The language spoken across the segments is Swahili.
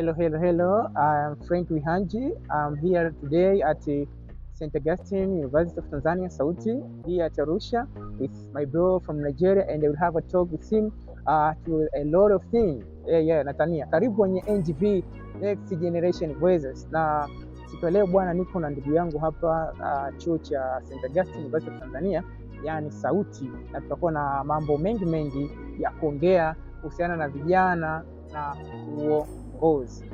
Hello, hello, hello. I'm Frank Wihanji. I'm here today at uh, St. Augustine University of Tanzania, Sauti, here at Arusha with my bro from Nigeria and I will have a talk with him uh, to a lot of things. Yeah, yeah, Natania. Karibu kwenye NGV Next Generation Voices. Na siku leo bwana, niko na ndugu yangu hapa uh, chuo cha St. Augustine University of Tanzania, yani Sauti, na tutakuwa na mambo mengi mengi ya kuongea kuhusiana na vijana na uo Ngozi.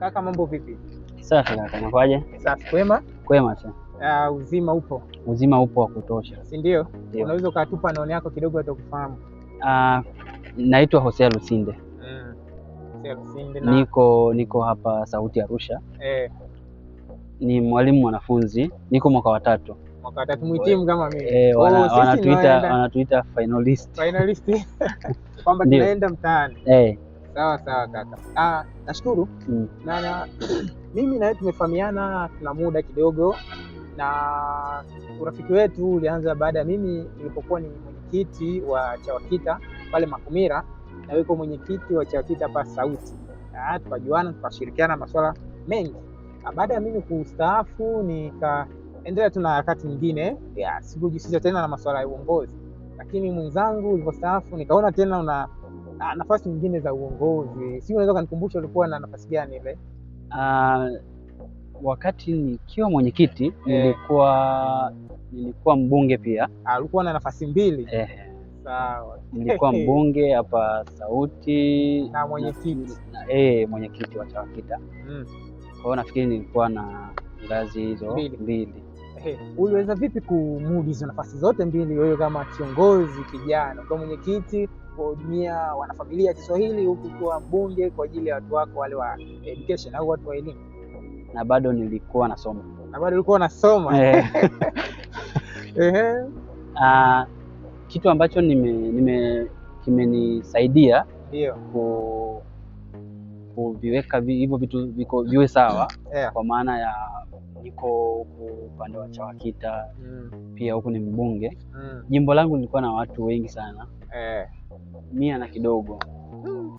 Kaka, mambo vipi? Safi kaka, nakwaje? Safi, kwema? Kwema tu. Uh, ah, uzima upo? Uzima upo wa kutosha, si ndio? Unaweza ukatupa naoni yako kidogo hata atakufahamu. Uh, ah, naitwa Hosea Lusinde. Mm. Hosea Lusinde na... niko niko hapa Sauti Arusha eh. Ni mwalimu mwanafunzi, niko mwaka wa tatu mwitimu kama mimi. Eh, oh, wanatuita finalist. Finalist. Kwamba tunaenda mtaani. Eh. Sawa sawa kaka. Ah, nashukuru mm. na, na mimi na tumefahamiana tuna muda kidogo, na urafiki wetu ulianza baada ya mimi nilipokuwa ni mwenyekiti wa CHAWAKITA pale Makumira na wewe mwenyekiti wa CHAWAKITA pa Sauti, tukajuana tukashirikiana masuala mengi. Baada ya mimi kustaafu, nikaendelea tu na harakati nyingine, sikujihusisha tena na masuala ya uongozi, lakini mwenzangu ulipostaafu nikaona tena una na ah, nafasi nyingine za uongozi, si unaweza ukanikumbusha ulikuwa na nafasi gani ile? Uh, wakati nikiwa mwenyekiti eh, nilikuwa nilikuwa mbunge pia. Ah, ulikuwa na nafasi mbili eh? Sawa. Nilikuwa mbunge hapa Sauti na mwenyekiti eh, mwenyekiti wa CHAWAKITA. Mm. Kwa hiyo nafikiri nilikuwa na ngazi hizo mbili hey, uliweza vipi kumudu hizo nafasi zote mbili, wewe kama kiongozi kijana ukiwa mwenyekiti kuhudumia wanafamilia Kiswahili huku kuwa mbunge kwa ajili ya watu wako wale wa education au watu wa elimu? Na bado nilikuwa nasoma. Na bado ulikuwa nasoma. Eh. Ehe. Ah, kitu ambacho nime, nime kimenisaidia ndio kuviweka hivyo vitu viko viwe sawa yeah. Kwa maana ya niko huku upande wa Chawakita mm. Pia huku ni mbunge mm. Jimbo langu lilikuwa na watu wengi sana yeah. Mia na kidogo mm.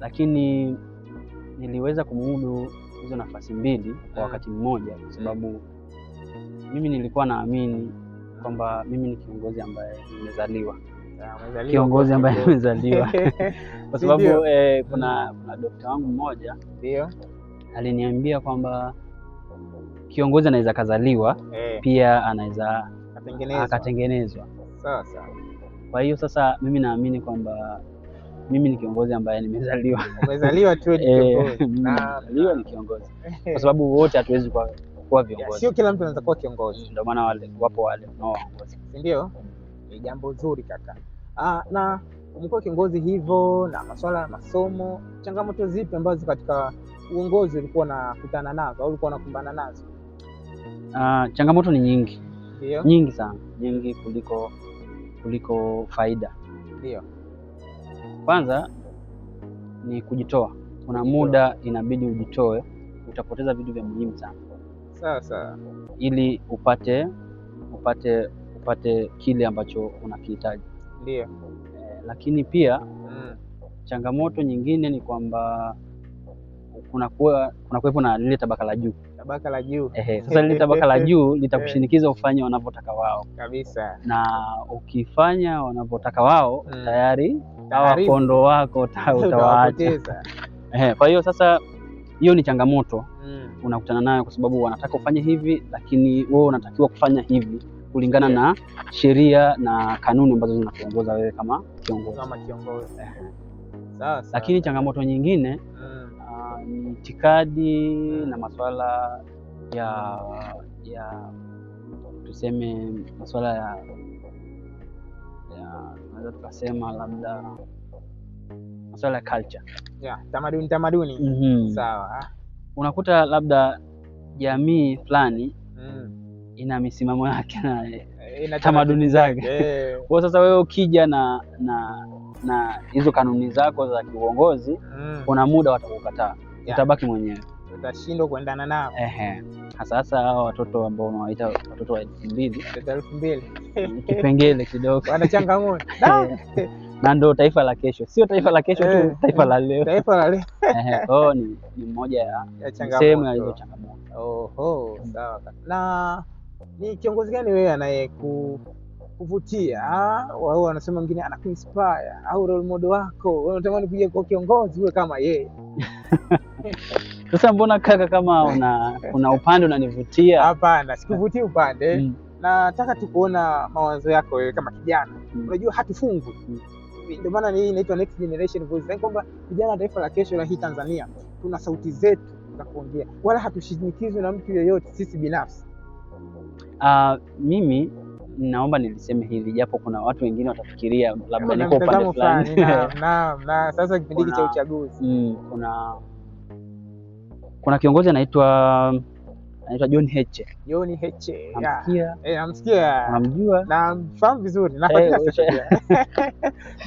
Lakini niliweza kumudu hizo nafasi mbili kwa mm. wakati mmoja, kwa mm. sababu mm. Mimi nilikuwa naamini kwamba mimi ni kiongozi ambaye nimezaliwa kiongozi ambaye amezaliwa kwa sababu eh, kuna, kuna dokta wangu mmoja ndio aliniambia kwamba kiongozi anaweza akazaliwa eh, pia anaweza akatengenezwa. sawa. kwa hiyo sasa mimi naamini kwamba mimi ni kiongozi ambaye nimezaliwa. Umezaliwa tu ni eh, kiongozi. Ah, Na ni kiongozi eh. kwa sababu wote hatuwezi kuwa viongozi, sio kila mtu anaweza kuwa kiongozi, ndio maana wale wapo wale no, ndio? ni jambo zuri kaka. Ah, na umekuwa kiongozi hivyo, na masuala ya masomo, changamoto zipi ambazo katika uongozi ulikuwa unakutana nazo au ulikuwa unakumbana nazo? Ah, changamoto ni nyingi. Ndiyo. Nyingi sana, nyingi kuliko kuliko faida. Ndio. Kwanza ni kujitoa. Kuna muda inabidi ujitoe, utapoteza vitu vya muhimu sana. Sawa sawa. Ili upate upate upate kile ambacho unakihitaji. Ndio. Eh, lakini pia mm. changamoto nyingine ni kwamba kuna kuwepo na lile tabaka la juu tabaka la juu ehe. Sasa lile tabaka la juu eh. litakushinikiza ufanye wanavyotaka wao kabisa, na ukifanya wanavyotaka wao mm. tayari hawa kondo wako utawaacha. Ehe, kwa hiyo sasa hiyo ni changamoto mm. unakutana nayo kwa sababu wanataka ufanye hivi, lakini wewe unatakiwa kufanya hivi kulingana yeah. na sheria na kanuni ambazo zinakuongoza wewe kama kiongozi. Lakini changamoto nyingine mm. uh, ni itikadi mm. na masuala ya ya tuseme masuala ya tunaweza tukasema labda masuala ya culture yeah, tamaduni tamaduni. mm -hmm. Sawa, unakuta labda jamii fulani mm ina misimamo yake na eh, eh, tamaduni zake. Eh. Kwa sasa wewe ukija na na na hizo kanuni zako za kiuongozi mm. kuna muda watakukataa yeah. utabaki mwenyewe utashindwa kuendana nao. Ehe. Sasa hao watoto ambao unawaita watoto wa elfu mbili elfu mbili kipengele kidogo wanachangamua na ndo taifa la kesho, sio taifa la kesho tu, taifa la leo, taifa la leo. Ehe, ni mmoja ya sehemu ya hizo changamoto. Oho, sawa. Na ni kiongozi gani wewe anayekuvutia, ah, au wanasema wengine ana au role model wako unatamani kuja kwa kiongozi uwe kama yeye? Sasa mbona kaka, kama una una upande unanivutia? Hapana, sikuvutii upande mm. Nataka tu kuona mawazo yako wewe kama kijana mm. Unajua hatufungwi mm. Ndio maana hii inaitwa next generation voice, kwamba vijana taifa la kesho la hii Tanzania tuna sauti zetu za kuongea, wala hatushinikizwi na mtu yeyote, sisi binafsi Uh, mimi naomba niliseme hivi japo kuna watu wengine watafikiria labda niko upande fulani. Naam, na na, sasa kipindi cha uchaguzi mm, kuna kuna kiongozi anaitwa anaitwa John Heche. John Heche. Namsikia. Eh, namsikia. Namjua. Namfahamu vizuri. Eh, Nafuatilia hey, siasa pia.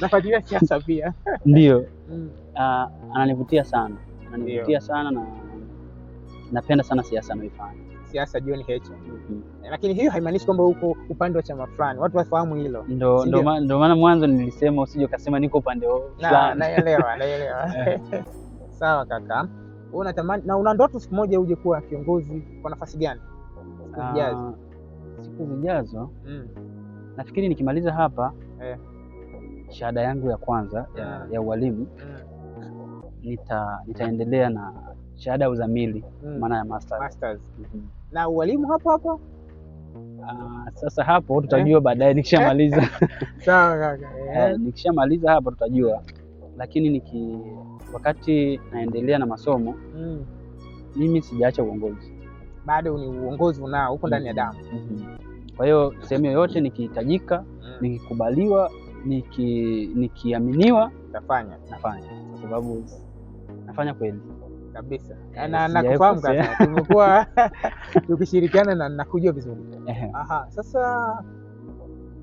Nafuatilia siasa pia. Ndio. Mm. Uh, ananivutia sana. Ananivutia sana na napenda sana siasa anayoifanya siasa John Heche mm -hmm. Lakini hiyo haimaanishi kwamba uko upande wa chama fulani, watu wafahamu hilo. Ndo ndo maana mwanzo nilisema usije ukasema niko upande fulani. Naelewa, naelewa. Eh. Sawa kaka, unatamani na una ndoto siku moja uje kuwa kiongozi kwa nafasi gani siku ah, zijazo? Siku zijazo mm. Nafikiri nikimaliza hapa eh, shahada yangu ya kwanza ya, mm. ya ualimu mm. nita, nitaendelea na shahada ya uzamili mm. maana mm. ya masters, masters. Mm -hmm na ualimu hapo hapo. Ah, sasa hapo tutajua eh? baadaye nikishamaliza. Eh? Sawa kaka. Ah, eh? Nikishamaliza hapo tutajua, lakini niki wakati naendelea na masomo mm. Mimi sijaacha uongozi bado, ni uongozi unao huko ndani ya damu mm-hmm. mm-hmm. Kwa hiyo sehemu yoyote nikihitajika, mm. nikikubaliwa, nikiaminiwa, nafanya nafanya, kwa sababu nafanya kweli kabisa eh, na nakufahamu tumekuwa tukishirikiana na nakujua vizuri. Aha, sasa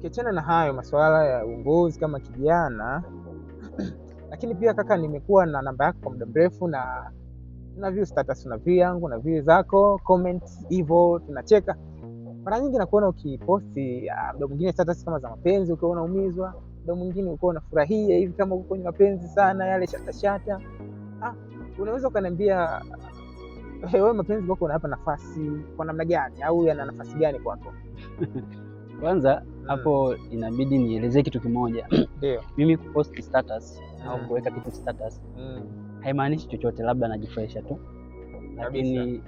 kiachana na hayo masuala ya uongozi kama kijana lakini pia kaka, nimekuwa na namba yako kwa muda mrefu na na view status na view yangu na view zako comments hivyo, tunacheka mara nyingi, nakuona ukiposti ah, muda mwingine status kama za mapenzi, ukiwa unaumizwa, muda mwingine ukiwa unafurahia hivi kama uko kwenye mapenzi sana yale shatashata shata unaweza ukaniambia wewe mapenzi kwako unayapa nafasi kwa namna gani, au yana nafasi gani kwako? Kwanza hapo mm. inabidi nielezee kitu kimoja ndio. Mimi kupost status mm. au kuweka kitu status mm. haimaanishi chochote, labda najifurahisha tu, lakini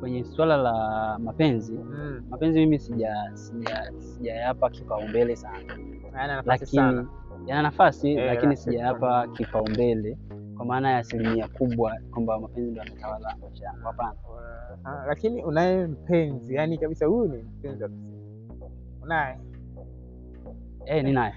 kwenye swala la mapenzi mm. mapenzi mimi sijayapa sija, sija kipaumbele sana, yana nafasi lakini, sana. Yana nafasi, eh, lakini sijayapa kipaumbele kwa maana ya asilimia kubwa kwamba mapenzi ndio yanatawala maisha yangu. Hapana. Ah, lakini unaye mpenzi yani kabisa, huyu ni mpenzi wa unaye Eh, ninaye.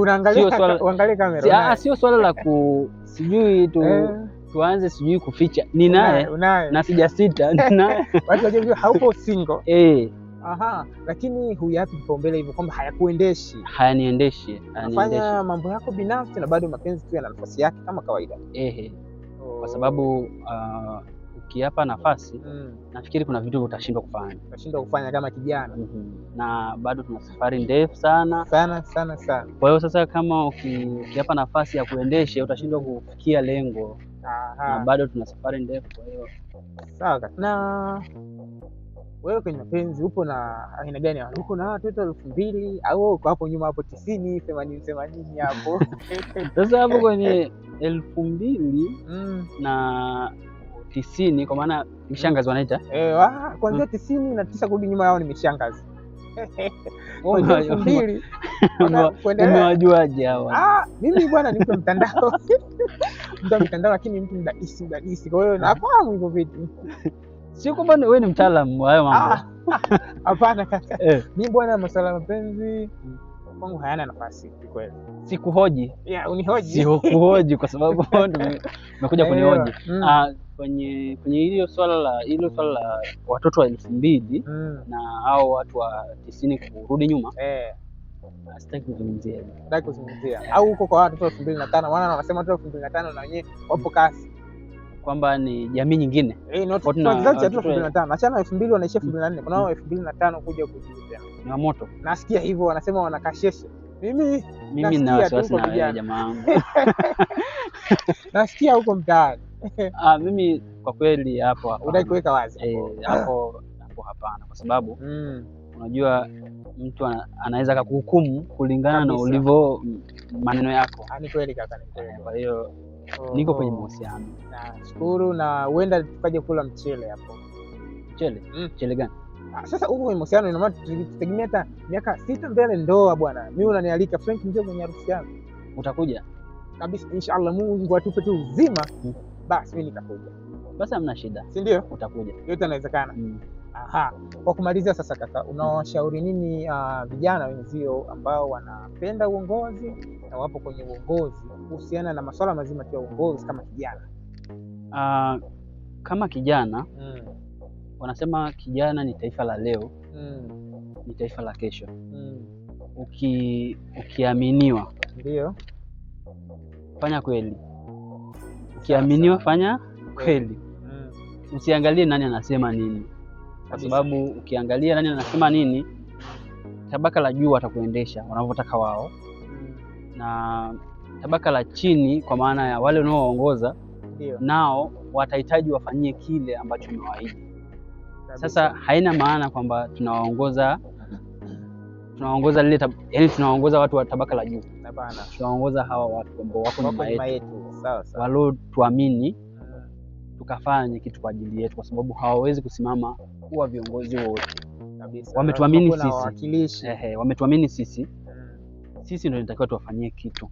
Unaangalia kamera. Ah, Sio swala la ku sijui tu eh. tuanze sijui kuficha, ninaye na sijasita, ninaye. Watu wajue haupo single. Eh. Aha, lakini huyapi kipaumbele hivyo kwamba hayakuendeshi? Hayaniendeshi, nafanya mambo yako binafsi na bado mapenzi tu yana nafasi yake kama kawaida. Ehe, kwa oh. sababu uh, ukiapa nafasi mm. nafikiri kuna vitu utashindwa kufanya, utashindwa kufanya kama kijana mm -hmm. na bado tuna safari ndefu sana sana sana sana. Kwa hiyo sasa, kama ukiapa nafasi ya kuendesha utashindwa kufikia lengo. Aha. na bado tuna safari ndefu, kwa hiyo sawa na wewe kwenye mapenzi upo na aina gani? Uko na watoto elfu mbili au uko hapo nyuma hapo tisini themanini themanini hapo sasa hapo kwenye elfu mbili mm. na tisini kwa maana mishangazi wanaita eh, ah, kuanzia mm. tisini na tisa kurudi nyuma yao ni mishangazi elfu mbili umewajuaje hawa? Ah, mimi bwana ni mtu mtandao mtu mtandao, lakini mtu mdadisi mdadisi, kwa hiyo nafahamu hivyo vitu Sio kwamba wewe ni mtaalamu wa hayo mambo. Ah, hapana kaka. Mimi eh. bwana masuala ya mapenzi kwangu hayana nafasi kweli. Sikuhoji. Yeah, unihoji. Sikuhoji kwa sababu nimekuja eh, kunihoji. Mm. Ah, kwenye kwenye hilo swala la hilo swala la watoto wa elfu mbili mm. na hao watu wa tisini kurudi nyuma. Eh. Ah, sitaki kuzungumzia. Sitaki kuzungumzia. Au huko kwa watoto wa elfu mbili na tano maana wanasema watoto wa elfu mbili na tano na wenyewe wapo kasi kwamba ni jamii nyingine eh, na nne mm. kuja kujiuzia ni wamoto. Nasikia hivyo wanasema wanakasheshe mimi mimi na wasiwasi na wewe jamaa wangu nasikia huko mtaani. Ah, mimi kwa kweli hapo hapo. unataka kuweka wazi eh, hapo hapo, hapana, kwa sababu mm. unajua mtu anaweza kukuhukumu kulingana na ulivyo maneno yako. Ah, Ni kweli kaka, ni kweli. Eh, kwa hiyo Niko kwenye oh. mahusiano. Nashukuru na huenda tukaje kula mchele hapo. Mchele? Mm. Mchele gani? Ah, sasa huko kwenye mahusiano ina maana tutegemea hata miaka sita mbele ndoa bwana. Mimi unanialika Frank njoo kwenye harusi yangu. Utakuja? Kabisa inshallah Mungu atupe tu uzima. Hmm. Basi mimi nitakuja. Basi hamna shida. Si ndio? Utakuja. Yote inawezekana. Hmm. Aha. Kwa kumaliza sasa, kaka, unawashauri nini uh, vijana wenzio ambao wanapenda uongozi na wapo kwenye uongozi kuhusiana na masuala mazima ya uongozi kama kijana? Uh, kama kijana mm. Wanasema kijana ni taifa la leo mm. Ni taifa la kesho mm. Uki, ukiaminiwa ndio fanya kweli, ukiaminiwa fanya kweli mm. Usiangalie nani anasema nini kwa sababu ukiangalia nani anasema nini, tabaka la juu watakuendesha wanavyotaka wao, na tabaka la chini, kwa maana ya wale unaoongoza nao watahitaji wafanyie kile ambacho umewaahidi. Sasa haina maana kwamba tunawaongoza tunaongoza lile yani, tunaongoza watu wa tabaka la juu, tunaongoza hawa watu ambao wako nyuma yetu waliotuamini tukafanye kitu kwa ajili yetu, kwa sababu hawawezi kusimama kuwa viongozi wote. Wametuamini sisi, ehe, wametuamini sisi, mm. sisi ndio tunatakiwa tuwafanyie kitu,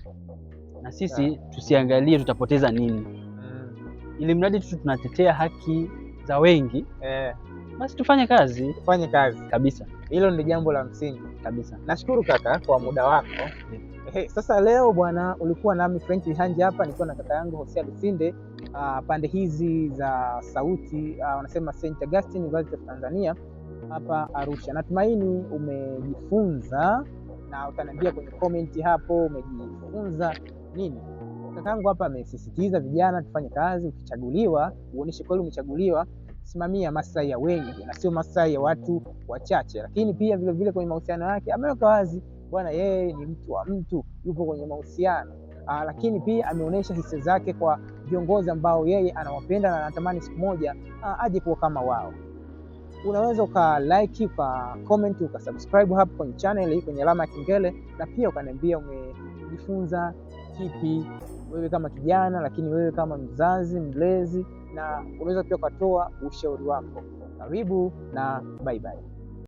na sisi tusiangalie tutapoteza nini, mm. ili mradi tu tunatetea haki za wengi eh, basi tufanye kazi, tufanye kazi kabisa. Hilo ni jambo la msingi kabisa. Nashukuru kaka kwa muda wako. Mm. Hey, sasa leo bwana, ulikuwa nami Frank Hanja hapa nikiwa na kaka yangu Hosea Lusinde uh, pande hizi za sauti uh, wanasema St. Augustine University of Tanzania hapa Arusha. Natumaini umejifunza na utaniambia kwenye komenti hapo umejifunza nini. Kakangu hapa amesisitiza vijana tufanye kazi, ukichaguliwa uoneshe kweli umechaguliwa, simamia maslahi ya wengi na sio maslahi ya watu wachache. Lakini pia vilevile kwenye mahusiano yake ameweka wazi bwana, yeye ni mtu wa mtu, yupo kwenye mahusiano Aa, ah, lakini pia ameonyesha hisia zake kwa viongozi ambao yeye anawapenda na anatamani siku moja ah, aje kuwa kama wao. Unaweza uka like, uka comment, uka subscribe hapo kwenye channel hii kwenye alama ya kengele, na pia ukaniambia umejifunza kipi wewe kama kijana, lakini wewe kama mzazi mlezi, na unaweza pia ukatoa ushauri wako. Karibu na bye bye.